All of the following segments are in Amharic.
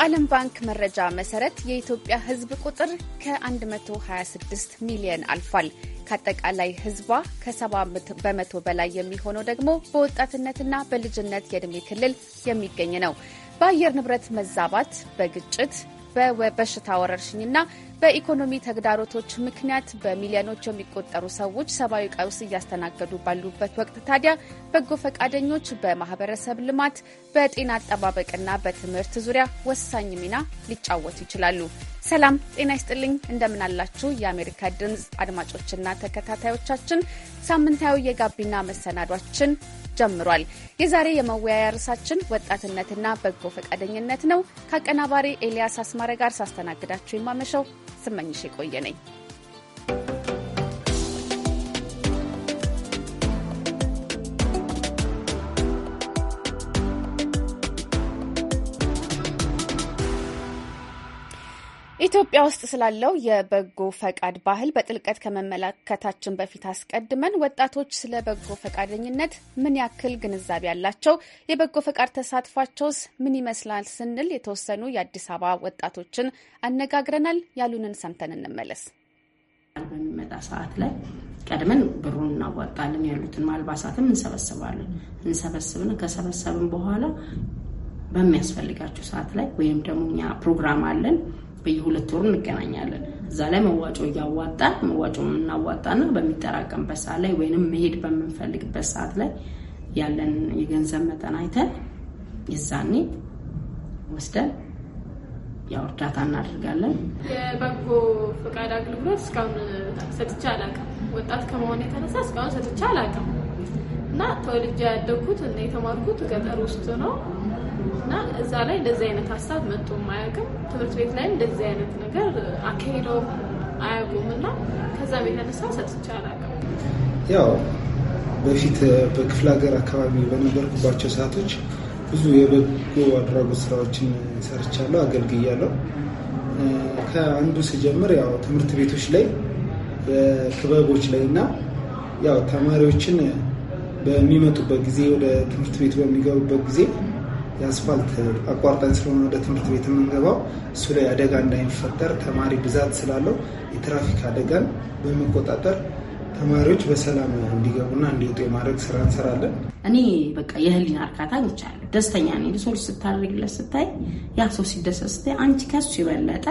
በዓለም ባንክ መረጃ መሰረት የኢትዮጵያ ሕዝብ ቁጥር ከ126 ሚሊየን አልፏል። ከአጠቃላይ ሕዝቧ ከ70 በመቶ በላይ የሚሆነው ደግሞ በወጣትነትና በልጅነት የዕድሜ ክልል የሚገኝ ነው። በአየር ንብረት መዛባት፣ በግጭት፣ በበሽታ ወረርሽኝና በኢኮኖሚ ተግዳሮቶች ምክንያት በሚሊዮኖች የሚቆጠሩ ሰዎች ሰብአዊ ቀውስ እያስተናገዱ ባሉበት ወቅት ታዲያ በጎ ፈቃደኞች በማህበረሰብ ልማት፣ በጤና አጠባበቅና በትምህርት ዙሪያ ወሳኝ ሚና ሊጫወቱ ይችላሉ። ሰላም ጤና ይስጥልኝ። እንደምናላችሁ የአሜሪካ ድምፅ አድማጮችና ተከታታዮቻችን ሳምንታዊ የጋቢና መሰናዷችን ጀምሯል። የዛሬ የመወያያ ርዕሳችን ወጣትነትና በጎ ፈቃደኝነት ነው። ከአቀናባሪ ኤልያስ አስማረ ጋር ሳስተናግዳችሁ የማመሸው ስመኝሽ የቆየ ነኝ። ኢትዮጵያ ውስጥ ስላለው የበጎ ፈቃድ ባህል በጥልቀት ከመመለከታችን በፊት አስቀድመን ወጣቶች ስለ በጎ ፈቃደኝነት ምን ያክል ግንዛቤ ያላቸው፣ የበጎ ፈቃድ ተሳትፏቸውስ ምን ይመስላል ስንል የተወሰኑ የአዲስ አበባ ወጣቶችን አነጋግረናል። ያሉንን ሰምተን እንመለስ። በሚመጣ ሰዓት ላይ ቀድመን ብሩን እናዋጣለን። ያሉትን አልባሳትም እንሰበስባለን። እንሰበስብን ከሰበሰብን በኋላ በሚያስፈልጋቸው ሰዓት ላይ ወይም ደግሞ እኛ ፕሮግራም አለን በየሁለት ወሩ እንገናኛለን። እዛ ላይ መዋጮ እያዋጣን መዋጮ የምናዋጣና በሚጠራቀምበት ሰዓት ላይ ወይንም መሄድ በምንፈልግበት ሰዓት ላይ ያለን የገንዘብ መጠን አይተን የዛኔ ወስደን ያው እርዳታ እናደርጋለን። የበጎ ፈቃድ አገልግሎት እስካሁን ሰጥቼ አላውቅም። ወጣት ከመሆን የተነሳ እስካሁን ሰጥቼ አላውቅም እና ተወልጄ ያደግኩት እና የተማርኩት ገጠር ውስጥ ነው። እና እዛ ላይ እንደዚህ አይነት ሀሳብ መጥቶ አያውቅም። ትምህርት ቤት ላይ እንደዚህ አይነት ነገር አካሄደው አያውቁም እና ከዛም የተነሳ ሰጥቼ አላውቅም። ያው በፊት በክፍለ ሀገር አካባቢ በነበርኩባቸው ሰዓቶች ብዙ የበጎ አድራጎት ስራዎችን ሰርቻለሁ፣ አገልግያለሁ። ከአንዱ ስጀምር ያው ትምህርት ቤቶች ላይ በክበቦች ላይ እና ያው ተማሪዎችን በሚመጡበት ጊዜ ወደ ትምህርት ቤት በሚገቡበት ጊዜ የአስፋልት አቋርጠን ስለሆነ ወደ ትምህርት ቤት የምንገባው እሱ ላይ አደጋ እንዳይፈጠር ተማሪ ብዛት ስላለው የትራፊክ አደጋን በመቆጣጠር ተማሪዎች በሰላም እንዲገቡና እንዲወጡ የማድረግ ስራ እንሰራለን። እኔ በቃ የህሊና እርካታ አግኝቻለሁ። ደስተኛ ነኝ። ሰው ስታደርግለት ስታይ፣ ያ ሰው ሲደሰት ስታይ፣ አንቺ ከሱ የበለጠ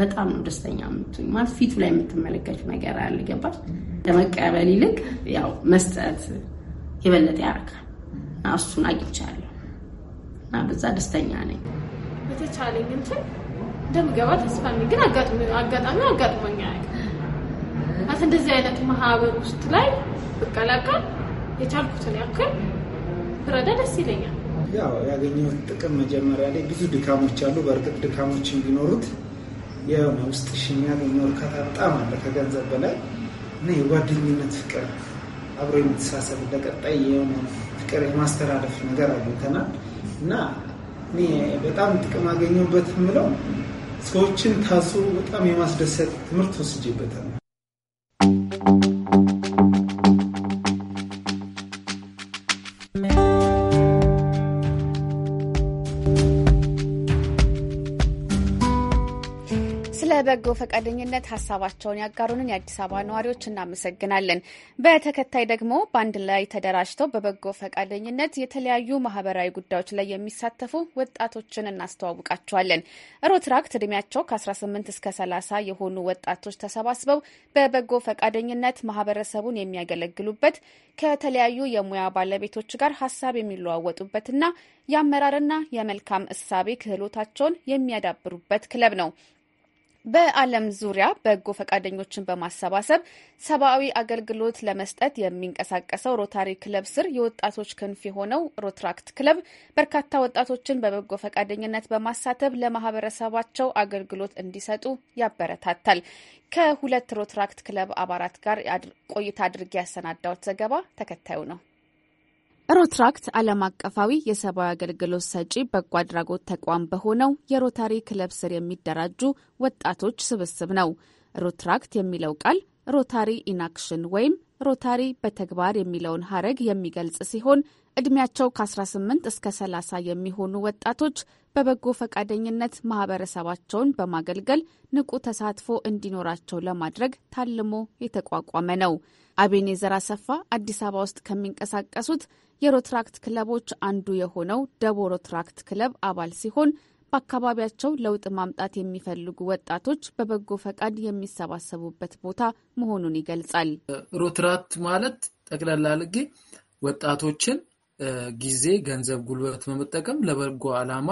በጣም ነው ደስተኛ የምትሆኝ። ማለት ፊቱ ላይ የምትመለከቱ ነገር አለ። ገባሽ? ለመቀበል ይልቅ ያው መስጠት የበለጠ ያርካል። እሱን አግኝቻለሁ። እና በዛ ደስተኛ ነኝ። በተቻለኝ እንትን እንደምገባ ተስፋ ነኝ። ግን አጋጣሚ አጋጥሞኛ እንደዚህ አይነት ማህበር ውስጥ ላይ ብቀላቀል የቻልኩትን ያክል ብረዳ ደስ ይለኛል። ያው ያገኘሁት ጥቅም መጀመሪያ ላይ ብዙ ድካሞች አሉ። በእርግጥ ድካሞችን ቢኖሩት የሆነ ውስጥ ሽኛ እርካታ በጣም አለ ከገንዘብ በላይ እና የጓደኝነት ፍቅር፣ አብሮ የመተሳሰብ ለቀጣይ የሆነ ፍቅር የማስተላለፍ ነገር አግኝተናል። እና እኔ በጣም ጥቅም አገኘሁበት የምለው ሰዎችን ታሱ በጣም የማስደሰት ትምህርት ወስጄበታል። በበጎ ፈቃደኝነት ሀሳባቸውን ያጋሩንን የአዲስ አበባ ነዋሪዎች እናመሰግናለን። በተከታይ ደግሞ በአንድ ላይ ተደራጅተው በበጎ ፈቃደኝነት የተለያዩ ማህበራዊ ጉዳዮች ላይ የሚሳተፉ ወጣቶችን እናስተዋውቃቸዋለን። ሮትራክት እድሜያቸው ከ18 እስከ 30 የሆኑ ወጣቶች ተሰባስበው በበጎ ፈቃደኝነት ማህበረሰቡን የሚያገለግሉበት ከተለያዩ የሙያ ባለቤቶች ጋር ሀሳብ የሚለዋወጡበትና የአመራርና የመልካም እሳቤ ክህሎታቸውን የሚያዳብሩበት ክለብ ነው። በዓለም ዙሪያ በጎ ፈቃደኞችን በማሰባሰብ ሰብአዊ አገልግሎት ለመስጠት የሚንቀሳቀሰው ሮታሪ ክለብ ስር የወጣቶች ክንፍ የሆነው ሮትራክት ክለብ በርካታ ወጣቶችን በበጎ ፈቃደኝነት በማሳተብ ለማህበረሰባቸው አገልግሎት እንዲሰጡ ያበረታታል። ከሁለት ሮትራክት ክለብ አባላት ጋር ቆይታ አድርጌ ያሰናዳሁት ዘገባ ተከታዩ ነው። ሮትራክት ዓለም አቀፋዊ የሰብአዊ አገልግሎት ሰጪ በጎ አድራጎት ተቋም በሆነው የሮታሪ ክለብ ስር የሚደራጁ ወጣቶች ስብስብ ነው። ሮትራክት የሚለው ቃል ሮታሪ ኢንአክሽን ወይም ሮታሪ በተግባር የሚለውን ሀረግ የሚገልጽ ሲሆን እድሜያቸው ከ18 እስከ 30 የሚሆኑ ወጣቶች በበጎ ፈቃደኝነት ማህበረሰባቸውን በማገልገል ንቁ ተሳትፎ እንዲኖራቸው ለማድረግ ታልሞ የተቋቋመ ነው። አቤኔዘር አሰፋ አዲስ አበባ ውስጥ ከሚንቀሳቀሱት የሮትራክት ክለቦች አንዱ የሆነው ደቦ ሮትራክት ክለብ አባል ሲሆን በአካባቢያቸው ለውጥ ማምጣት የሚፈልጉ ወጣቶች በበጎ ፈቃድ የሚሰባሰቡበት ቦታ መሆኑን ይገልጻል። ሮትራክት ማለት ጠቅላላ ልጌ ወጣቶችን ጊዜ፣ ገንዘብ፣ ጉልበት በመጠቀም ለበጎ ዓላማ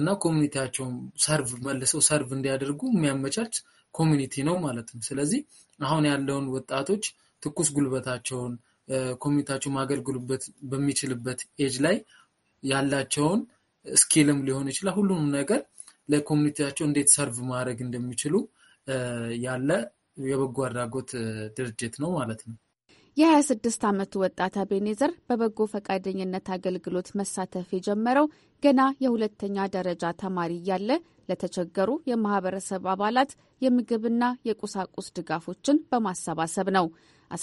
እና ኮሚኒቲያቸውን ሰርቭ መልሰው ሰርቭ እንዲያደርጉ የሚያመቻች ኮሚኒቲ ነው ማለት ነው። ስለዚህ አሁን ያለውን ወጣቶች ትኩስ ጉልበታቸውን ኮሚኒታቸው ማገልግሉበት በሚችልበት ኤጅ ላይ ያላቸውን ስኪልም ሊሆን ይችላል ሁሉንም ነገር ለኮሚኒቲያቸው እንዴት ሰርቭ ማድረግ እንደሚችሉ ያለ የበጎ አድራጎት ድርጅት ነው ማለት ነው። የ26 ዓመቱ ወጣት አቤኔዘር በበጎ ፈቃደኝነት አገልግሎት መሳተፍ የጀመረው ገና የሁለተኛ ደረጃ ተማሪ እያለ ለተቸገሩ የማህበረሰብ አባላት የምግብና የቁሳቁስ ድጋፎችን በማሰባሰብ ነው።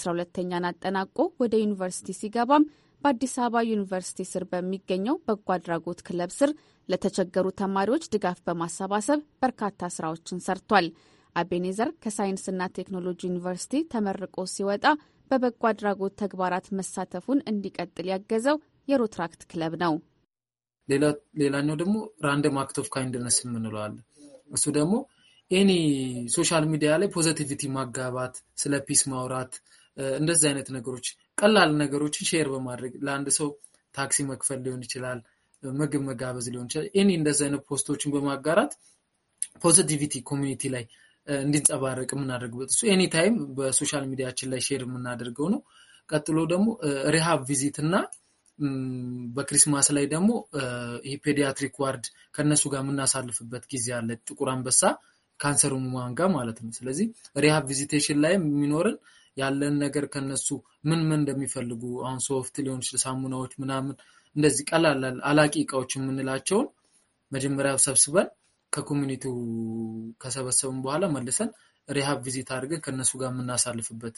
12ተኛን አጠናቆ ወደ ዩኒቨርሲቲ ሲገባም በአዲስ አበባ ዩኒቨርሲቲ ስር በሚገኘው በጎ አድራጎት ክለብ ስር ለተቸገሩ ተማሪዎች ድጋፍ በማሰባሰብ በርካታ ስራዎችን ሰርቷል። አቤኔዘር ከሳይንስና ቴክኖሎጂ ዩኒቨርሲቲ ተመርቆ ሲወጣ በበጎ አድራጎት ተግባራት መሳተፉን እንዲቀጥል ያገዘው የሮትራክት ክለብ ነው። ሌላኛው ደግሞ ራንደም አክት ኦፍ ካይንድነስ የምንለዋለን። እሱ ደግሞ ኤኒ ሶሻል ሚዲያ ላይ ፖዘቲቪቲ ማጋባት፣ ስለ ፒስ ማውራት፣ እንደዚህ አይነት ነገሮች ቀላል ነገሮችን ሼር በማድረግ ለአንድ ሰው ታክሲ መክፈል ሊሆን ይችላል፣ ምግብ መጋበዝ ሊሆን ይችላል። ይህ እንደዚህ አይነት ፖስቶችን በማጋራት ፖዚቲቪቲ ኮሚኒቲ ላይ እንዲንጸባረቅ የምናደርግበት እሱ ኤኒ ታይም በሶሻል ሚዲያችን ላይ ሼር የምናደርገው ነው። ቀጥሎ ደግሞ ሪሃብ ቪዚት እና በክሪስማስ ላይ ደግሞ ይሄ ፔዲያትሪክ ዋርድ ከእነሱ ጋር የምናሳልፍበት ጊዜ አለ። ጥቁር አንበሳ ካንሰር ሙማን ጋር ማለት ነው። ስለዚህ ሪሃብ ቪዚቴሽን ላይ የሚኖርን ያለን ነገር ከነሱ ምን ምን እንደሚፈልጉ አሁን ሶፍት ሊሆን ይችላል፣ ሳሙናዎች ምናምን እንደዚህ ቀላል አላቂ እቃዎች የምንላቸውን መጀመሪያ ሰብስበን ከኮሚኒቲው ከሰበሰብን በኋላ መልሰን ሪሃብ ቪዚት አድርገን ከእነሱ ጋር የምናሳልፍበት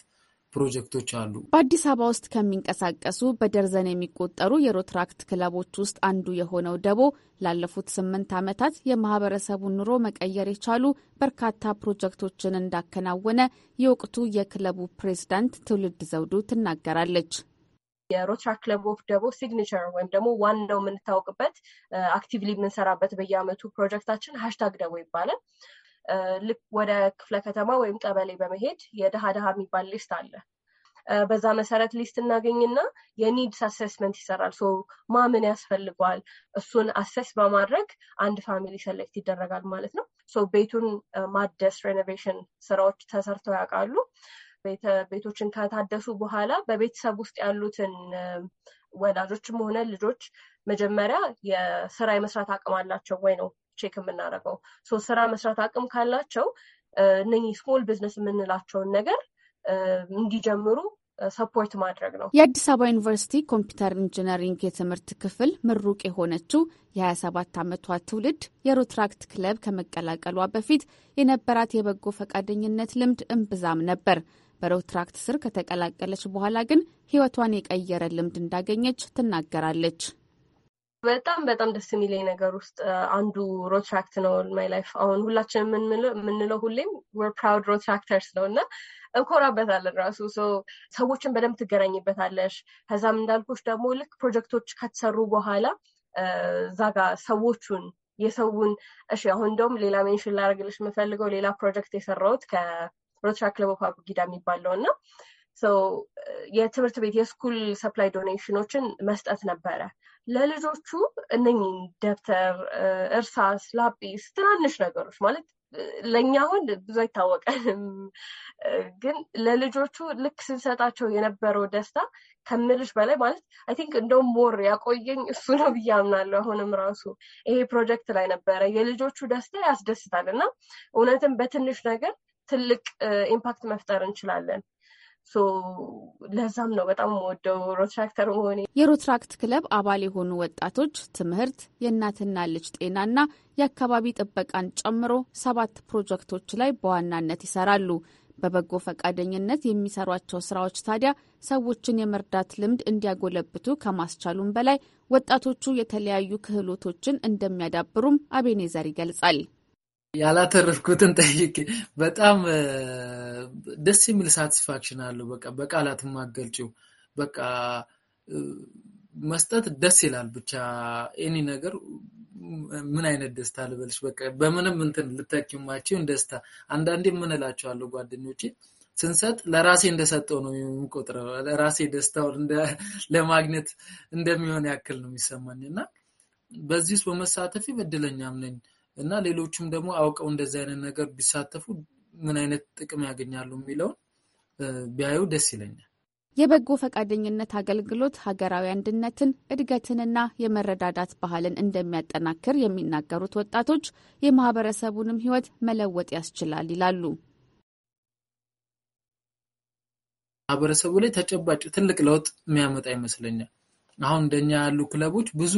ፕሮጀክቶች አሉ። በአዲስ አበባ ውስጥ ከሚንቀሳቀሱ በደርዘን የሚቆጠሩ የሮትራክት ክለቦች ውስጥ አንዱ የሆነው ደቦ ላለፉት ስምንት ዓመታት የማህበረሰቡን ኑሮ መቀየር የቻሉ በርካታ ፕሮጀክቶችን እንዳከናወነ የወቅቱ የክለቡ ፕሬዝዳንት ትውልድ ዘውዱ ትናገራለች። የሮትራ ክለብ ኦፍ ደቦ ሲግኒቸር ወይም ደግሞ ዋናው የምንታወቅበት አክቲቭሊ የምንሰራበት በየአመቱ ፕሮጀክታችን ሀሽታግ ደቦ ይባላል። ልክ ወደ ክፍለ ከተማ ወይም ቀበሌ በመሄድ የድሃ ድሃ የሚባል ሊስት አለ። በዛ መሰረት ሊስት እናገኝና የኒድስ አሴስመንት ይሰራል። ሶ ማምን ያስፈልገዋል እሱን አሴስ በማድረግ አንድ ፋሚሊ ሰሌክት ይደረጋል ማለት ነው። ሶ ቤቱን ማደስ ሬኖቬሽን ስራዎች ተሰርተው ያውቃሉ። ቤቶችን ከታደሱ በኋላ በቤተሰብ ውስጥ ያሉትን ወላጆችም ሆነ ልጆች መጀመሪያ የስራ የመስራት አቅም አላቸው ወይ ነው ቼክ የምናደርገው። ስራ መስራት አቅም ካላቸው እነኚህ ስሞል ቢዝነስ የምንላቸውን ነገር እንዲጀምሩ ሰፖርት ማድረግ ነው። የአዲስ አበባ ዩኒቨርሲቲ ኮምፒውተር ኢንጂነሪንግ የትምህርት ክፍል ምሩቅ የሆነችው የ27 ዓመቷ ትውልድ የሮትራክት ክለብ ከመቀላቀሏ በፊት የነበራት የበጎ ፈቃደኝነት ልምድ እምብዛም ነበር። በሮትራክት ስር ከተቀላቀለች በኋላ ግን ሕይወቷን የቀየረ ልምድ እንዳገኘች ትናገራለች። በጣም በጣም ደስ የሚለኝ ነገር ውስጥ አንዱ ሮትራክት ነው ማይ ላይፍ። አሁን ሁላችን የምንለው ሁሌም ወር ፕራውድ ሮትራክተርስ ነው እና እንኮራበታለን። ራሱ ሰዎችን በደንብ ትገናኝበታለሽ። ከዛም እንዳልኩሽ ደግሞ ልክ ፕሮጀክቶች ከተሰሩ በኋላ እዛ ጋ ሰዎቹን የሰውን እሺ፣ አሁን እንደውም ሌላ ሜንሽን ላደርግልሽ የምፈልገው ሌላ ፕሮጀክት የሰራውት ከሮትራክ ለቦፋ ጊዳ የሚባለው እና የትምህርት ቤት የስኩል ሰፕላይ ዶኔሽኖችን መስጠት ነበረ። ለልጆቹ እነኝን ደብተር፣ እርሳስ፣ ላጲስ ትናንሽ ነገሮች ማለት ለእኛ አሁን ብዙ አይታወቀንም፣ ግን ለልጆቹ ልክ ስንሰጣቸው የነበረው ደስታ ከምልሽ በላይ ማለት አይ ቲንክ እንደውም ሞር ያቆየኝ እሱ ነው ብዬ አሁንም ራሱ ይሄ ፕሮጀክት ላይ ነበረ የልጆቹ ደስታ ያስደስታል እና እውነትም በትንሽ ነገር ትልቅ ኢምፓክት መፍጠር እንችላለን። ለዛም ነው በጣም ወደው ሮትራክተር መሆኔ። የሮትራክት ክለብ አባል የሆኑ ወጣቶች ትምህርት፣ የእናትና ልጅ ጤናና የአካባቢ ጥበቃን ጨምሮ ሰባት ፕሮጀክቶች ላይ በዋናነት ይሰራሉ። በበጎ ፈቃደኝነት የሚሰሯቸው ስራዎች ታዲያ ሰዎችን የመርዳት ልምድ እንዲያጎለብቱ ከማስቻሉም በላይ ወጣቶቹ የተለያዩ ክህሎቶችን እንደሚያዳብሩም አቤኔዘር ይገልጻል። ያላተረፍኩትን ጠይቄ በጣም ደስ የሚል ሳቲስፋክሽን አለው። በቃ በቃላት ማገልጭው በቃ መስጠት ደስ ይላል። ብቻ ኤኒ ነገር ምን አይነት ደስታ ልበልሽ፣ በቃ በምንም እንትን ልተኪማቸውን ደስታ አንዳንዴ ምን እላቸዋለሁ ጓደኞቼ ስንሰጥ ለራሴ እንደሰጠው ነው የሚቆጥረው። ለራሴ ደስታውን ለማግኘት እንደሚሆን ያክል ነው የሚሰማኝ እና በዚህ ውስጥ በመሳተፍ በድለኛም ነኝ። እና ሌሎችም ደግሞ አውቀው እንደዚህ አይነት ነገር ቢሳተፉ ምን አይነት ጥቅም ያገኛሉ የሚለውን ቢያዩ ደስ ይለኛል። የበጎ ፈቃደኝነት አገልግሎት ሀገራዊ አንድነትን፣ እድገትንና የመረዳዳት ባህልን እንደሚያጠናክር የሚናገሩት ወጣቶች የማህበረሰቡንም ሕይወት መለወጥ ያስችላል ይላሉ። ማህበረሰቡ ላይ ተጨባጭ ትልቅ ለውጥ የሚያመጣ ይመስለኛል። አሁን እንደኛ ያሉ ክለቦች ብዙ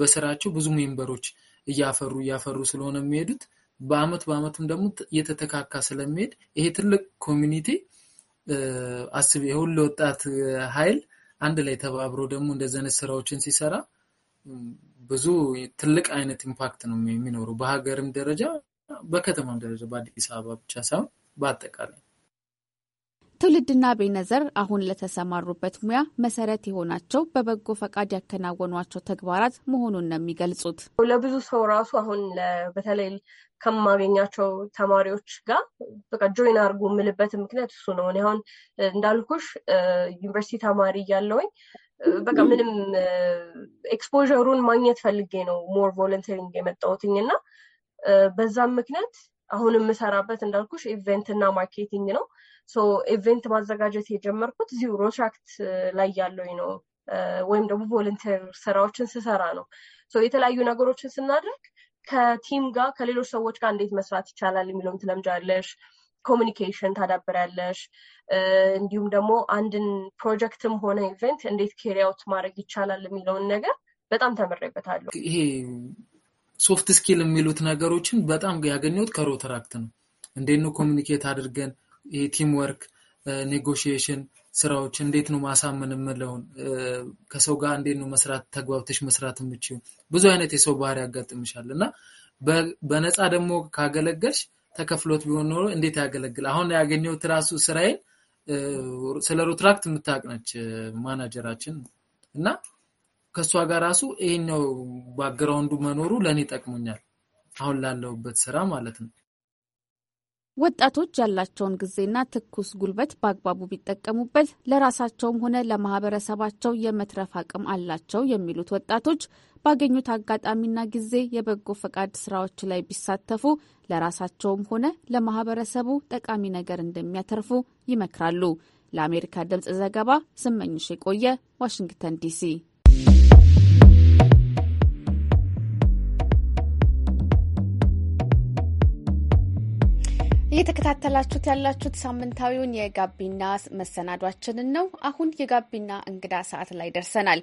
በስራቸው ብዙ ሜምበሮች እያፈሩ እያፈሩ ስለሆነ የሚሄዱት በአመት በአመትም ደግሞ እየተተካካ ስለሚሄድ ይሄ ትልቅ ኮሚኒቲ አስብ የሁሉ ወጣት ኃይል አንድ ላይ ተባብሮ ደግሞ እንደዚህ አይነት ስራዎችን ሲሰራ ብዙ ትልቅ አይነት ኢምፓክት ነው የሚኖረው በሀገርም ደረጃ በከተማም ደረጃ በአዲስ አበባ ብቻ ሳይሆን በአጠቃላይ ትውልድና ቤነዘር አሁን ለተሰማሩበት ሙያ መሰረት የሆናቸው በበጎ ፈቃድ ያከናወኗቸው ተግባራት መሆኑን ነው የሚገልጹት። ለብዙ ሰው ራሱ አሁን በተለይ ከማገኛቸው ተማሪዎች ጋር በቃ ጆይን አድርጎ የምልበትን ምክንያት እሱ ነው። እኔ አሁን እንዳልኩሽ ዩኒቨርሲቲ ተማሪ እያለሁኝ በቃ ምንም ኤክስፖሩን ማግኘት ፈልጌ ነው ሞር ቮለንተሪንግ የመጣሁትኝ እና በዛም ምክንያት አሁን የምሰራበት እንዳልኩሽ ኢቨንት እና ማርኬቲንግ ነው። ሶ ኢቨንት ማዘጋጀት የጀመርኩት እዚሁ ሮሻክት ላይ ያለው ነው ወይም ደግሞ ቮለንቲር ስራዎችን ስሰራ ነው። ሶ የተለያዩ ነገሮችን ስናደርግ ከቲም ጋር ከሌሎች ሰዎች ጋር እንዴት መስራት ይቻላል የሚለውን ትለምጃለሽ። ኮሚኒኬሽን ታዳብሪያለሽ። እንዲሁም ደግሞ አንድን ፕሮጀክትም ሆነ ኢቨንት እንዴት ኬሪ አውት ማድረግ ይቻላል የሚለውን ነገር በጣም ተምሬበታለሁ። ይሄ ሶፍት ስኪል የሚሉት ነገሮችን በጣም ያገኘሁት ከሮተራክት ነው። እንዴት ነው ኮሚኒኬት አድርገን ቲም ወርክ፣ ኔጎሽዬሽን ስራዎች እንዴት ነው ማሳመን የምለውን ከሰው ጋር እንዴት ነው መስራት ተግባብተሽ መስራት የምችው ብዙ አይነት የሰው ባህሪ ያጋጥምሻል እና በነፃ ደግሞ ካገለገልሽ ተከፍሎት ቢሆን ኖሮ እንዴት ያገለግል። አሁን ያገኘሁት ራሱ ስራዬን ስለ ሮትራክት የምታውቅ ነች ማናጀራችን እና ከእሷ ጋር ራሱ ይሄኛው ባግራውንዱ መኖሩ ለእኔ ጠቅሞኛል። አሁን ላለሁበት ስራ ማለት ነው። ወጣቶች ያላቸውን ጊዜና ትኩስ ጉልበት በአግባቡ ቢጠቀሙበት ለራሳቸውም ሆነ ለማህበረሰባቸው የመትረፍ አቅም አላቸው የሚሉት ወጣቶች ባገኙት አጋጣሚና ጊዜ የበጎ ፈቃድ ስራዎች ላይ ቢሳተፉ ለራሳቸውም ሆነ ለማህበረሰቡ ጠቃሚ ነገር እንደሚያተርፉ ይመክራሉ። ለአሜሪካ ድምጽ ዘገባ ስመኝሽ የቆየ ዋሽንግተን ዲሲ። እየተከታተላችሁት ያላችሁት ሳምንታዊውን የጋቢና መሰናዷችንን ነው። አሁን የጋቢና እንግዳ ሰዓት ላይ ደርሰናል።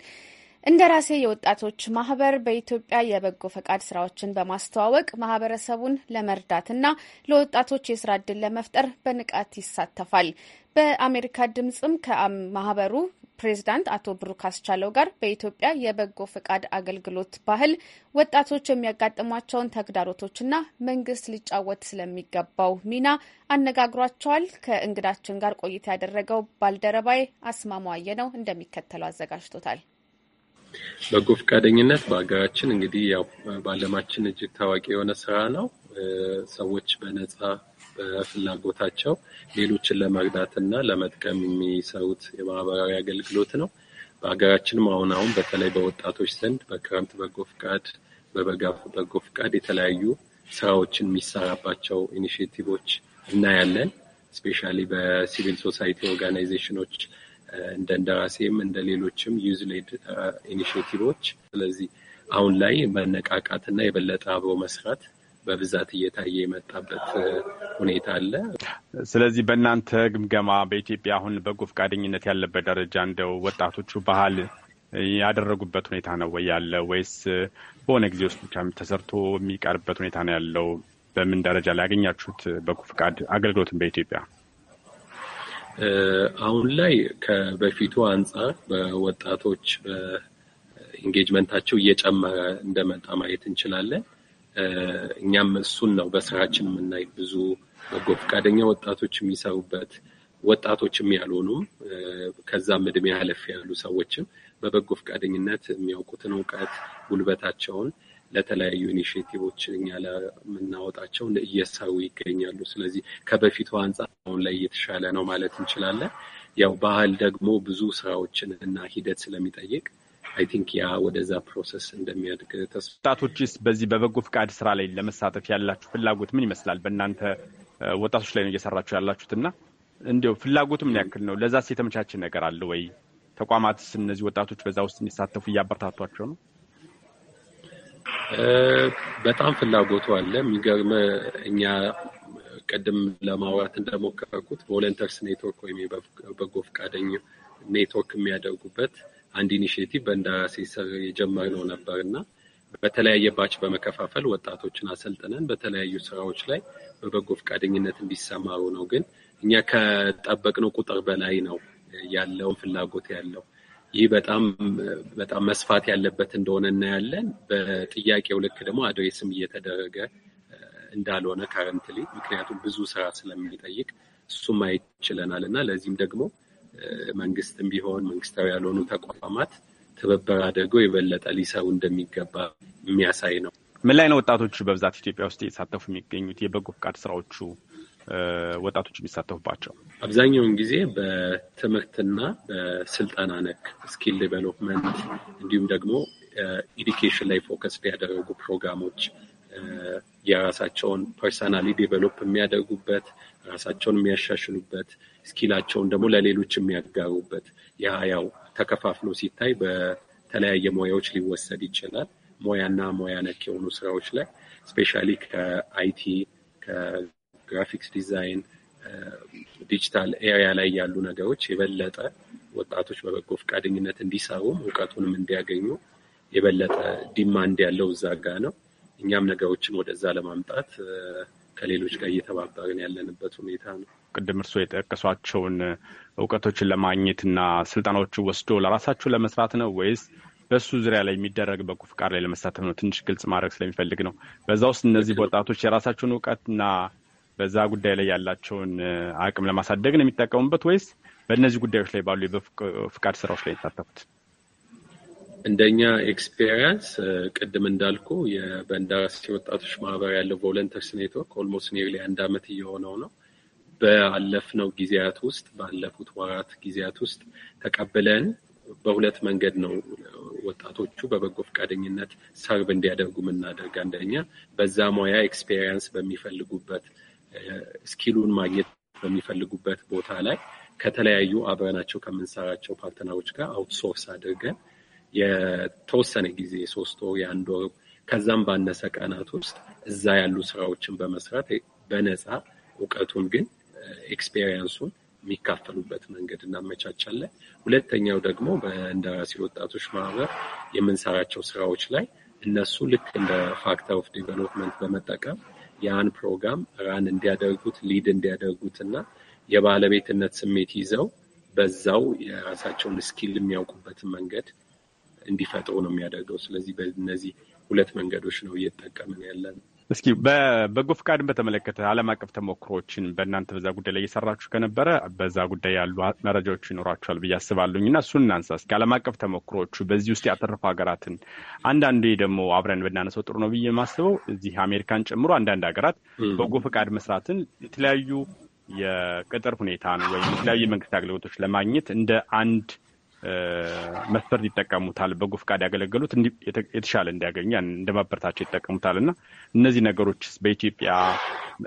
እንደ ራሴ የወጣቶች ማህበር በኢትዮጵያ የበጎ ፈቃድ ስራዎችን በማስተዋወቅ ማህበረሰቡን ለመርዳትና ለወጣቶች የስራ እድል ለመፍጠር በንቃት ይሳተፋል። በአሜሪካ ድምፅም ከማህበሩ ፕሬዚዳንት አቶ ብሩክ አስቻለው ጋር በኢትዮጵያ የበጎ ፈቃድ አገልግሎት ባህል ወጣቶች የሚያጋጥሟቸውን ተግዳሮቶችና መንግስት ሊጫወት ስለሚገባው ሚና አነጋግሯቸዋል። ከእንግዳችን ጋር ቆይታ ያደረገው ባልደረባዬ አስማማየ ነው፣ እንደሚከተለው አዘጋጅቶታል። በጎ ፈቃደኝነት በሀገራችን እንግዲህ ያው በዓለማችን እጅግ ታዋቂ የሆነ ስራ ነው። ሰዎች በነጻ በፍላጎታቸው ሌሎችን ለመርዳትና ለመጥቀም የሚሰሩት የማህበራዊ አገልግሎት ነው። በሀገራችንም አሁን አሁን በተለይ በወጣቶች ዘንድ በክረምት በጎ ፍቃድ፣ በበጋ በጎ ፍቃድ የተለያዩ ስራዎችን የሚሰራባቸው ኢኒሽቲቮች እናያለን። ስፔሻሊ በሲቪል ሶሳይቲ ኦርጋናይዜሽኖች እንደ እንደራሴም እንደ ሌሎችም ዩዝ ሌድ ኢኒሽቲቮች። ስለዚህ አሁን ላይ መነቃቃትና የበለጠ አብሮ መስራት በብዛት እየታየ የመጣበት ሁኔታ አለ። ስለዚህ በእናንተ ግምገማ በኢትዮጵያ አሁን በጎ ፈቃደኝነት ያለበት ደረጃ እንደው ወጣቶቹ ባህል ያደረጉበት ሁኔታ ነው ወይ ያለ ወይስ በሆነ ጊዜ ውስጥ ብቻ ተሰርቶ የሚቀርበት ሁኔታ ነው ያለው? በምን ደረጃ ላይ ያገኛችሁት በጎ ፈቃድ አገልግሎትን በኢትዮጵያ አሁን ላይ ከበፊቱ አንጻር በወጣቶች በኢንጌጅመንታቸው እየጨመረ እንደመጣ ማየት እንችላለን። እኛም እሱን ነው በስራችን የምናይ ብዙ በጎ ፈቃደኛ ወጣቶች የሚሰሩበት ወጣቶችም ያልሆኑ ከዛም እድሜ አለፍ ያሉ ሰዎችም በበጎ ፈቃደኝነት የሚያውቁትን እውቀት ጉልበታቸውን ለተለያዩ ኢኒሽቲቮች እኛ ለምናወጣቸው እየሰሩ ይገኛሉ። ስለዚህ ከበፊቱ አንጻር አሁን ላይ እየተሻለ ነው ማለት እንችላለን። ያው ባህል ደግሞ ብዙ ስራዎችን እና ሂደት ስለሚጠይቅ አይ ቲንክ ያ ወደዛ ፕሮሰስ እንደሚያድግ ተስፋ። ወጣቶችስ በዚህ በበጎ ፍቃድ ስራ ላይ ለመሳተፍ ያላችሁ ፍላጎት ምን ይመስላል? በእናንተ ወጣቶች ላይ ነው እየሰራችሁ ያላችሁት እና እንዲያው ፍላጎት ምን ያክል ነው? ለዛስ የተመቻቸ ነገር አለ ወይ? ተቋማትስ እነዚህ ወጣቶች በዛ ውስጥ እንዲሳተፉ እያበረታቷቸው ነው? በጣም ፍላጎቱ አለ። የሚገርመ እኛ ቅድም ለማውራት እንደሞከርኩት ቮለንተርስ ኔትወርክ ወይም በጎ ፈቃደኛ ኔትወርክ የሚያደርጉበት አንድ ኢኒሽቲቭ በእንደራሴ ስር የጀመርነው ነበር እና በተለያየ ባች በመከፋፈል ወጣቶችን አሰልጥነን በተለያዩ ስራዎች ላይ በበጎ ፈቃደኝነት እንዲሰማሩ ነው። ግን እኛ ከጠበቅነው ቁጥር በላይ ነው ያለውን ፍላጎት ያለው ይህ በጣም በጣም መስፋት ያለበት እንደሆነ እናያለን። በጥያቄው ልክ ደግሞ አድሬስም እየተደረገ እንዳልሆነ ከረንትሊ ምክንያቱም ብዙ ስራ ስለሚጠይቅ እሱም ማየት ይችለናል እና ለዚህም ደግሞ መንግስትም ቢሆን መንግስታዊ ያልሆኑ ተቋማት ትብብር አድርገው የበለጠ ሊሰው እንደሚገባ የሚያሳይ ነው። ምን ላይ ነው ወጣቶቹ በብዛት ኢትዮጵያ ውስጥ እየተሳተፉ የሚገኙት? የበጎ ፍቃድ ስራዎቹ ወጣቶች የሚሳተፉባቸው አብዛኛውን ጊዜ በትምህርትና በስልጠና ነክ ስኪል ዴቨሎፕመንት እንዲሁም ደግሞ ኢዲኬሽን ላይ ፎከስ ያደረጉ ፕሮግራሞች የራሳቸውን ፐርሰናሊ ዴቨሎፕ የሚያደርጉበት ራሳቸውን የሚያሻሽሉበት ስኪላቸውን ደግሞ ለሌሎች የሚያጋሩበት የሀያው ተከፋፍሎ ሲታይ በተለያየ ሙያዎች ሊወሰድ ይችላል። ሙያና ሙያ ነክ የሆኑ ስራዎች ላይ ስፔሻሊ ከአይቲ ከግራፊክስ ዲዛይን ዲጂታል ኤሪያ ላይ ያሉ ነገሮች የበለጠ ወጣቶች በበጎ ፈቃደኝነት እንዲሰሩም እውቀቱንም እንዲያገኙ የበለጠ ዲማንድ ያለው እዛ ጋ ነው። እኛም ነገሮችን ወደዛ ለማምጣት ከሌሎች ጋር እየተባበርን ያለንበት ሁኔታ ነው። ቅድም እርስዎ የጠቀሷቸውን እውቀቶችን ለማግኘት እና ስልጠናዎችን ወስዶ ለራሳቸው ለመስራት ነው ወይስ በእሱ ዙሪያ ላይ የሚደረግ በጎ ፍቃድ ላይ ለመሳተፍ ነው? ትንሽ ግልጽ ማድረግ ስለሚፈልግ ነው። በዛ ውስጥ እነዚህ ወጣቶች የራሳቸውን እውቀትና በዛ ጉዳይ ላይ ያላቸውን አቅም ለማሳደግ ነው የሚጠቀሙበት ወይስ በእነዚህ ጉዳዮች ላይ ባሉ የበጎ ፍቃድ ስራዎች ላይ የተሳተፉት? እንደኛ ኤክስፔሪንስ ቅድም እንዳልኩ በኢንዳስትሪ ወጣቶች ማህበር ያለው ቮለንተርስ ኔትወርክ ኦልሞስት ኒርሊ አንድ ዓመት እየሆነው ነው። በአለፍነው ጊዜያት ውስጥ ባለፉት ወራት ጊዜያት ውስጥ ተቀብለን በሁለት መንገድ ነው ወጣቶቹ በበጎ ፈቃደኝነት ሰርብ እንዲያደርጉ የምናደርግ። አንደኛ በዛ ሙያ ኤክስፔሪንስ በሚፈልጉበት ስኪሉን ማግኘት በሚፈልጉበት ቦታ ላይ ከተለያዩ አብረናቸው ከምንሰራቸው ፓርትነሮች ጋር አውትሶርስ አድርገን የተወሰነ ጊዜ ሶስት ወር የአንድ ወር ከዛም ባነሰ ቀናት ውስጥ እዛ ያሉ ስራዎችን በመስራት በነፃ እውቀቱን ግን ኤክስፔሪየንሱን የሚካፈሉበት መንገድ እናመቻቻለን። ሁለተኛው ደግሞ በእንደራሴ ወጣቶች ማህበር የምንሰራቸው ስራዎች ላይ እነሱ ልክ እንደ ፋክተር ኦፍ ዲቨሎፕመንት በመጠቀም ያን ፕሮግራም ራን እንዲያደርጉት ሊድ እንዲያደርጉት እና የባለቤትነት ስሜት ይዘው በዛው የራሳቸውን ስኪል የሚያውቁበትን መንገድ እንዲፈጥሩ ነው የሚያደርገው። ስለዚህ በእነዚህ ሁለት መንገዶች ነው እየተጠቀምን ያለን። እስኪ በበጎ ፈቃድን በተመለከተ ዓለም አቀፍ ተሞክሮዎችን በእናንተ በዛ ጉዳይ ላይ እየሰራችሁ ከነበረ በዛ ጉዳይ ያሉ መረጃዎች ይኖራችኋል ብዬ አስባለሁኝ እና እሱን እናንሳ እስኪ ዓለም አቀፍ ተሞክሮዎቹ በዚህ ውስጥ ያተረፉ ሀገራትን አንዳንዱ ደግሞ አብረን ብናነሰው ጥሩ ነው ብዬ የማስበው እዚህ አሜሪካን ጨምሮ አንዳንድ ሀገራት በጎ ፈቃድ መስራትን የተለያዩ የቅጥር ሁኔታን ወይም የተለያዩ የመንግስት አገልግሎቶች ለማግኘት እንደ አንድ መስፈርት ይጠቀሙታል። በጎ ፈቃድ ያገለገሉት የተሻለ እንዲያገኙ እንደ ማበረታቸው ይጠቀሙታል። እና እነዚህ ነገሮችስ በኢትዮጵያ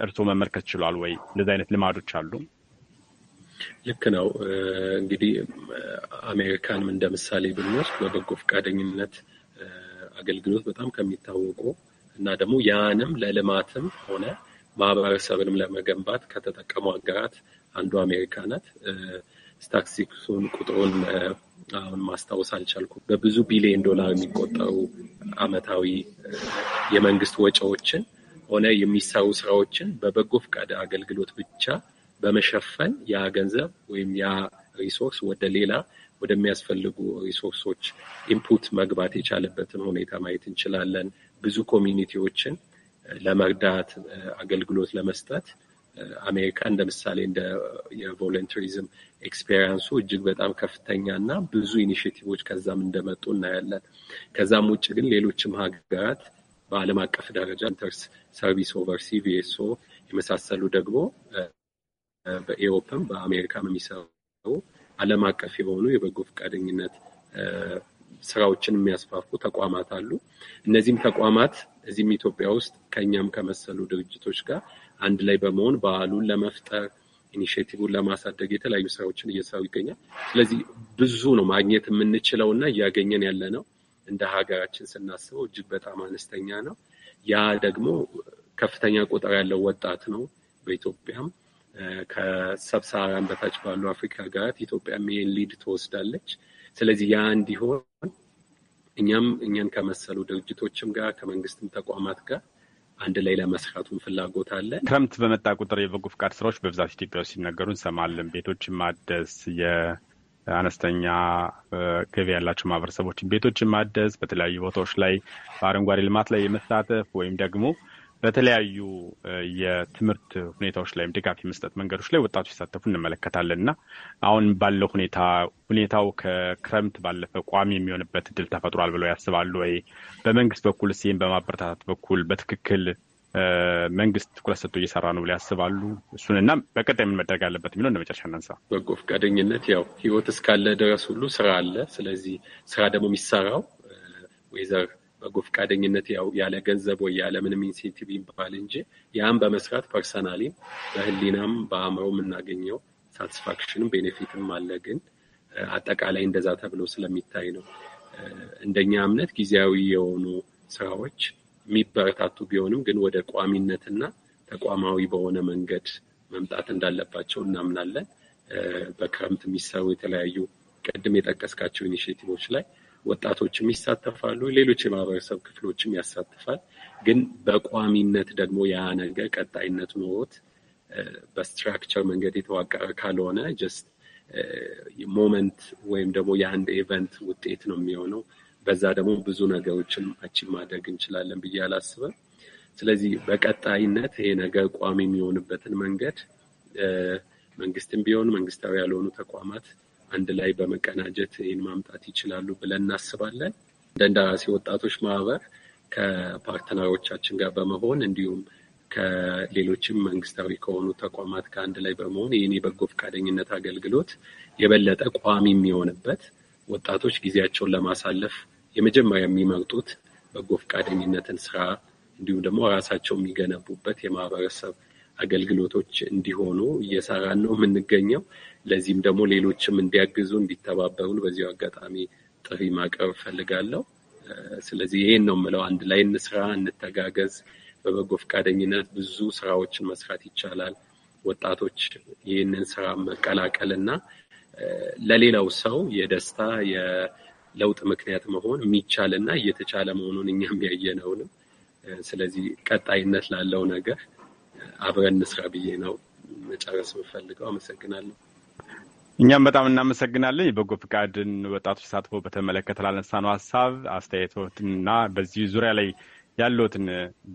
እርስዎ መመልከት ችሏል ወይ? እንደዚህ አይነት ልማዶች አሉ? ልክ ነው። እንግዲህ አሜሪካንም እንደ ምሳሌ ብንወስድ በበጎ ፈቃደኝነት አገልግሎት በጣም ከሚታወቁ እና ደግሞ ያንም ለልማትም ሆነ ማህበረሰብንም ለመገንባት ከተጠቀሙ ሀገራት አንዱ አሜሪካ ናት። ስታክሲክሱን ቁጥሩን አሁን ማስታወስ አልቻልኩም። በብዙ ቢሊዮን ዶላር የሚቆጠሩ አመታዊ የመንግስት ወጪዎችን ሆነ የሚሰሩ ስራዎችን በበጎ ፈቃድ አገልግሎት ብቻ በመሸፈን ያ ገንዘብ ወይም ያ ሪሶርስ ወደ ሌላ ወደሚያስፈልጉ ሪሶርሶች ኢንፑት መግባት የቻለበትን ሁኔታ ማየት እንችላለን። ብዙ ኮሚኒቲዎችን ለመርዳት አገልግሎት ለመስጠት አሜሪካ እንደ ምሳሌ እንደ የቮለንተሪዝም ኤክስፔሪንሱ እጅግ በጣም ከፍተኛ እና ብዙ ኢኒሽቲቮች ከዛም እንደመጡ እናያለን። ከዛም ውጭ ግን ሌሎችም ሀገራት በዓለም አቀፍ ደረጃ ኢንተርስ ሰርቪስ ኦቨርሲ ቪኤስኦ የመሳሰሉ ደግሞ በኤሮፕም በአሜሪካም የሚሰሩ ዓለም አቀፍ የሆኑ የበጎ ፈቃደኝነት ስራዎችን የሚያስፋፉ ተቋማት አሉ። እነዚህም ተቋማት እዚህም ኢትዮጵያ ውስጥ ከእኛም ከመሰሉ ድርጅቶች ጋር አንድ ላይ በመሆን በዓሉን ለመፍጠር ኢኒሽቲቭን ለማሳደግ የተለያዩ ስራዎችን እየሰሩ ይገኛል። ስለዚህ ብዙ ነው ማግኘት የምንችለው እና እያገኘን ያለ ነው። እንደ ሀገራችን ስናስበው እጅግ በጣም አነስተኛ ነው። ያ ደግሞ ከፍተኛ ቁጥር ያለው ወጣት ነው። በኢትዮጵያም ከሰብሳራን በታች ባሉ አፍሪካ ሀገራት ኢትዮጵያም ይህን ሊድ ትወስዳለች። ስለዚህ ያ እንዲሆን እኛም እኛን ከመሰሉ ድርጅቶችም ጋር ከመንግስትም ተቋማት ጋር አንድ ላይ ለመስራቱን ፍላጎት አለ። ክረምት በመጣ ቁጥር የበጎ ፍቃድ ስራዎች በብዛት ኢትዮጵያ ውስጥ ሲነገሩ እንሰማለን። ቤቶችን ማደስ፣ የአነስተኛ ገቢ ያላቸው ማህበረሰቦችን ቤቶችን ማደስ፣ በተለያዩ ቦታዎች ላይ በአረንጓዴ ልማት ላይ የመሳተፍ ወይም ደግሞ በተለያዩ የትምህርት ሁኔታዎች ላይም ድጋፍ የመስጠት መንገዶች ላይ ወጣቶች ሲሳተፉ እንመለከታለን እና አሁን ባለው ሁኔታ ሁኔታው ከክረምት ባለፈ ቋሚ የሚሆንበት እድል ተፈጥሯል ብለው ያስባሉ ወይ? በመንግስት በኩል ሲም በማበረታታት በኩል በትክክል መንግስት ትኩረት ሰጥቶ እየሰራ ነው ብለው ያስባሉ? እሱን እና በቀጣይ ምን መደረግ አለበት የሚለው እንደ መጨረሻ እናንሳ። በጎ ፈቃደኝነት ያው ህይወት እስካለ ድረስ ሁሉ ስራ አለ። ስለዚህ ስራ ደግሞ የሚሰራው ወይዘር በጎ ፈቃደኝነት ያለ ገንዘብ ወይ ያለ ምንም ኢንሴንቲቭ ይባል እንጂ ያን በመስራት ፐርሰናሊም በህሊናም በአእምሮ የምናገኘው ሳቲስፋክሽንም ቤኔፊትም አለ። ግን አጠቃላይ እንደዛ ተብሎ ስለሚታይ ነው እንደኛ እምነት ጊዜያዊ የሆኑ ስራዎች የሚበረታቱ ቢሆንም ግን ወደ ቋሚነትና ተቋማዊ በሆነ መንገድ መምጣት እንዳለባቸው እናምናለን። በክረምት የሚሰሩ የተለያዩ ቅድም የጠቀስካቸው ኢኒሽቲቮች ላይ ወጣቶችም ይሳተፋሉ፣ ሌሎች የማህበረሰብ ክፍሎችም ያሳትፋል። ግን በቋሚነት ደግሞ ያ ነገር ቀጣይነት ኖሮት በስትራክቸር መንገድ የተዋቀረ ካልሆነ ጀስት ሞመንት ወይም ደግሞ የአንድ ኢቨንት ውጤት ነው የሚሆነው። በዛ ደግሞ ብዙ ነገሮችን አቺን ማድረግ እንችላለን ብዬ አላስበም። ስለዚህ በቀጣይነት ይሄ ነገር ቋሚ የሚሆንበትን መንገድ መንግስትም ቢሆን መንግስታዊ ያልሆኑ ተቋማት አንድ ላይ በመቀናጀት ይህን ማምጣት ይችላሉ ብለን እናስባለን። እንደ እንደራሴ ወጣቶች ማህበር ከፓርትነሮቻችን ጋር በመሆን እንዲሁም ከሌሎችም መንግስታዊ ከሆኑ ተቋማት ጋር አንድ ላይ በመሆን ይህን የበጎ ፈቃደኝነት አገልግሎት የበለጠ ቋሚ የሚሆንበት ወጣቶች ጊዜያቸውን ለማሳለፍ የመጀመሪያ የሚመርጡት በጎ ፈቃደኝነትን ስራ እንዲሁም ደግሞ ራሳቸው የሚገነቡበት የማህበረሰብ አገልግሎቶች እንዲሆኑ እየሰራን ነው የምንገኘው። ለዚህም ደግሞ ሌሎችም እንዲያግዙ እንዲተባበሩን በዚሁ አጋጣሚ ጥሪ ማቅረብ እፈልጋለሁ። ስለዚህ ይሄን ነው የምለው፣ አንድ ላይ እንስራ፣ እንተጋገዝ። በበጎ ፈቃደኝነት ብዙ ስራዎችን መስራት ይቻላል። ወጣቶች ይህንን ስራ መቀላቀልና ለሌላው ሰው የደስታ የለውጥ ምክንያት መሆን የሚቻልና እየተቻለ መሆኑን እኛም ያየነውንም ስለዚህ ቀጣይነት ላለው ነገር አብረን እንስራ ብዬ ነው መጨረስ የምፈልገው። አመሰግናለሁ። እኛም በጣም እናመሰግናለን። የበጎ ፍቃድን ወጣቶች ተሳትፎ በተመለከተ ላነሳነው ሀሳብ አስተያየቶትና በዚህ ዙሪያ ላይ ያለትን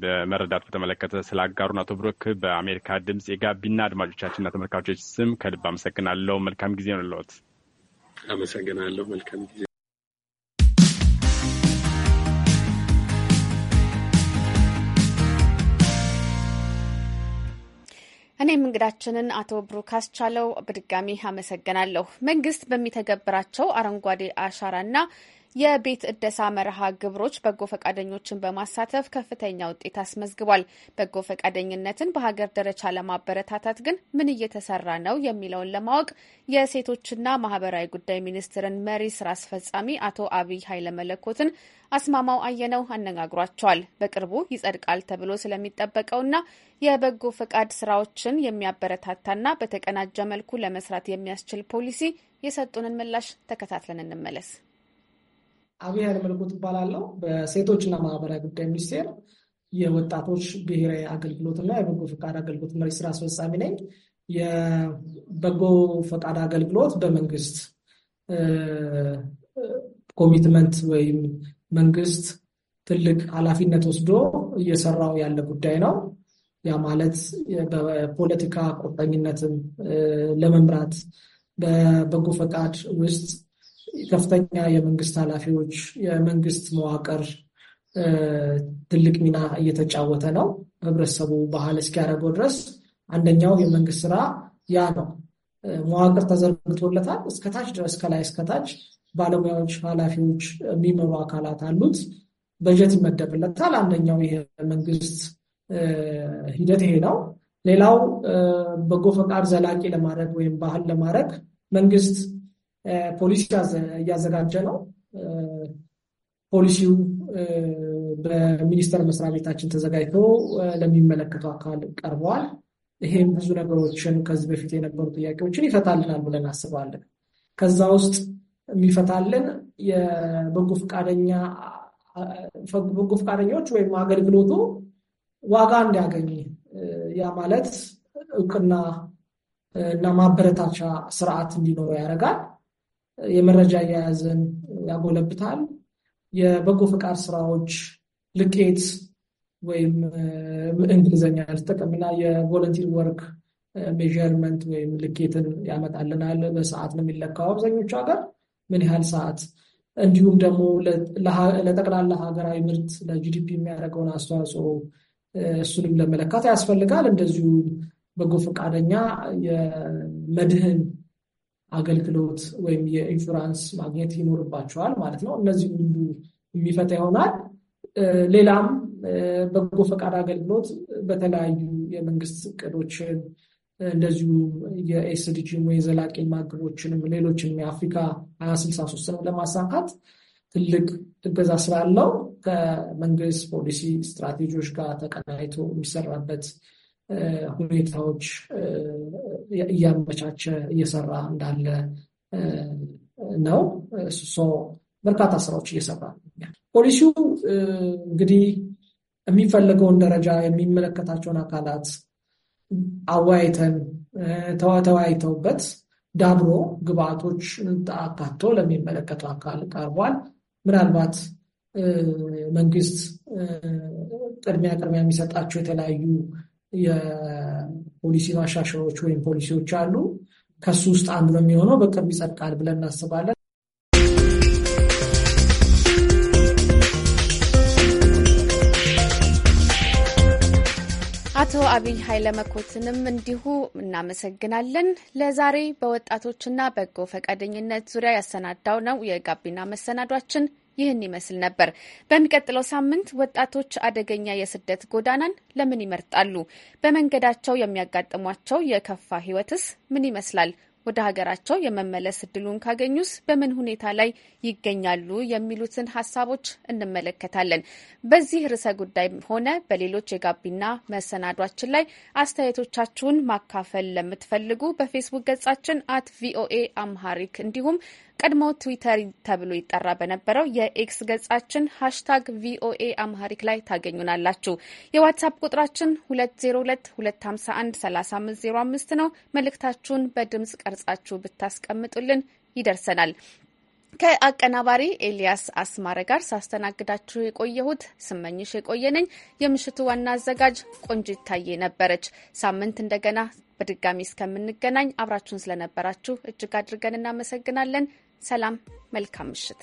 በመረዳት በተመለከተ ስላጋሩን አቶ ብሩክ በአሜሪካ ድምፅ የጋቢና አድማጮቻችንና ተመልካቾች ስም ከልብ አመሰግናለሁ። መልካም ጊዜ ነው ለዎት። አመሰግናለሁ። መልካም ጊዜ እኔም እንግዳችንን አቶ ብሩክ አስቻለው በድጋሚ አመሰግናለሁ። መንግስት በሚተገብራቸው አረንጓዴ አሻራና የቤት እደሳ መርሃ ግብሮች በጎ ፈቃደኞችን በማሳተፍ ከፍተኛ ውጤት አስመዝግቧል። በጎ ፈቃደኝነትን በሀገር ደረጃ ለማበረታታት ግን ምን እየተሰራ ነው የሚለውን ለማወቅ የሴቶችና ማህበራዊ ጉዳይ ሚኒስትርን መሪ ስራ አስፈጻሚ አቶ አብይ ኃይለ መለኮትን አስማማው አየነው አነጋግሯቸዋል። በቅርቡ ይጸድቃል ተብሎ ስለሚጠበቀውና የበጎ ፈቃድ ስራዎችን የሚያበረታታና በተቀናጀ መልኩ ለመስራት የሚያስችል ፖሊሲ የሰጡንን ምላሽ ተከታትለን እንመለስ። አብይ ኃይለ መልኮት በሴቶችና ማህበራዊ ጉዳይ ሚኒስቴር የወጣቶች ብሔራዊ አገልግሎትና የበጎ ፈቃድ አገልግሎት መሪ ስራ አስፈጻሚ ነኝ። የበጎ ፈቃድ አገልግሎት በመንግስት ኮሚትመንት ወይም መንግስት ትልቅ ኃላፊነት ወስዶ እየሰራው ያለ ጉዳይ ነው። ያ ማለት በፖለቲካ ቁርጠኝነትም ለመምራት በበጎ ፈቃድ ውስጥ ከፍተኛ የመንግስት ኃላፊዎች፣ የመንግስት መዋቅር ትልቅ ሚና እየተጫወተ ነው። ህብረተሰቡ ባህል እስኪያደርገው ድረስ አንደኛው የመንግስት ስራ ያ ነው። መዋቅር ተዘርግቶለታል። እስከታች ድረስ ከላይ እስከታች ባለሙያዎች፣ ኃላፊዎች፣ የሚመሩ አካላት አሉት። በጀት ይመደብለታል። አንደኛው ይሄ መንግስት ሂደት ይሄ ነው። ሌላው በጎ ፈቃድ ዘላቂ ለማድረግ ወይም ባህል ለማድረግ መንግስት ፖሊሲ እያዘጋጀ ነው። ፖሊሲው በሚኒስቴር መስሪያ ቤታችን ተዘጋጅቶ ለሚመለከተው አካል ቀርበዋል። ይሄም ብዙ ነገሮችን ከዚህ በፊት የነበሩ ጥያቄዎችን ይፈታልናል ብለን አስባለን። ከዛ ውስጥ የሚፈታልን የበጎ ፈቃደኛ በጎ ፈቃደኞች ወይም አገልግሎቱ ዋጋ እንዲያገኝ ያ ማለት እውቅና እና ማበረታቻ ስርዓት እንዲኖረው ያደርጋል። የመረጃ አያያዝን ያጎለብታል። የበጎ ፈቃድ ስራዎች ልኬት ወይም እንግሊዝኛ ልጠቀምና የቮለንቲር ወርክ ሜርመንት ወይም ልኬትን ያመጣልናል። በሰዓት ነው የሚለካው አብዛኞቹ ሀገር ምን ያህል ሰዓት እንዲሁም ደግሞ ለጠቅላላ ሀገራዊ ምርት ለጂዲፒ የሚያደርገውን አስተዋጽኦ እሱንም ለመለካት ያስፈልጋል። እንደዚሁ በጎ ፈቃደኛ የመድህን አገልግሎት ወይም የኢንሹራንስ ማግኘት ይኖርባቸዋል ማለት ነው። እነዚህ ሁሉ የሚፈታ ይሆናል። ሌላም በጎ ፈቃድ አገልግሎት በተለያዩ የመንግስት እቅዶችን እንደዚሁ የኤስዲጂ ወይ ዘላቂ ማግቦችንም ሌሎችም የአፍሪካ ሀያ ስልሳ ለማሳካት ትልቅ እገዛ ስላለው ከመንግስት ፖሊሲ ስትራቴጂዎች ጋር ተቀናይቶ የሚሰራበት ሁኔታዎች እያመቻቸ እየሰራ እንዳለ ነው። በርካታ ስራዎች እየሰራ ፖሊሲው እንግዲህ የሚፈለገውን ደረጃ የሚመለከታቸውን አካላት አወያይተን ተወያይተውበት ዳብሮ ግብአቶች አካቶ ለሚመለከተው አካል ቀርቧል። ምናልባት መንግስት ቅድሚያ ቅድሚያ የሚሰጣቸው የተለያዩ የፖሊሲ ማሻሻያዎች ወይም ፖሊሲዎች አሉ። ከሱ ውስጥ አንዱ ነው የሚሆነው። በቅርብ ይጸድቃል ብለን እናስባለን። አቶ አብይ ኃይለ መኮትንም እንዲሁ እናመሰግናለን። ለዛሬ በወጣቶችና በጎ ፈቃደኝነት ዙሪያ ያሰናዳው ነው የጋቢና መሰናዷችን ይህን ይመስል ነበር። በሚቀጥለው ሳምንት ወጣቶች አደገኛ የስደት ጎዳናን ለምን ይመርጣሉ? በመንገዳቸው የሚያጋጥሟቸው የከፋ ህይወትስ ምን ይመስላል? ወደ ሀገራቸው የመመለስ እድሉን ካገኙስ በምን ሁኔታ ላይ ይገኛሉ? የሚሉትን ሀሳቦች እንመለከታለን። በዚህ ርዕሰ ጉዳይ ሆነ በሌሎች የጋቢና መሰናዷችን ላይ አስተያየቶቻችሁን ማካፈል ለምትፈልጉ በፌስቡክ ገጻችን አት ቪኦኤ አምሃሪክ እንዲሁም ቀድሞ ትዊተር ተብሎ ይጠራ በነበረው የኤክስ ገጻችን ሃሽታግ ቪኦኤ አምሃሪክ ላይ ታገኙናላችሁ። የዋትሳፕ ቁጥራችን 2022513505 ነው። መልእክታችሁን በድምጽ ቀርጻችሁ ብታስቀምጡልን ይደርሰናል። ከአቀናባሪ ኤልያስ አስማረ ጋር ሳስተናግዳችሁ የቆየሁት ስመኝሽ የቆየነኝ። የምሽቱ ዋና አዘጋጅ ቆንጂት ታዬ ነበረች። ሳምንት እንደገና በድጋሚ እስከምንገናኝ አብራችሁን ስለነበራችሁ እጅግ አድርገን እናመሰግናለን። ሰላም፣ መልካም ምሽት።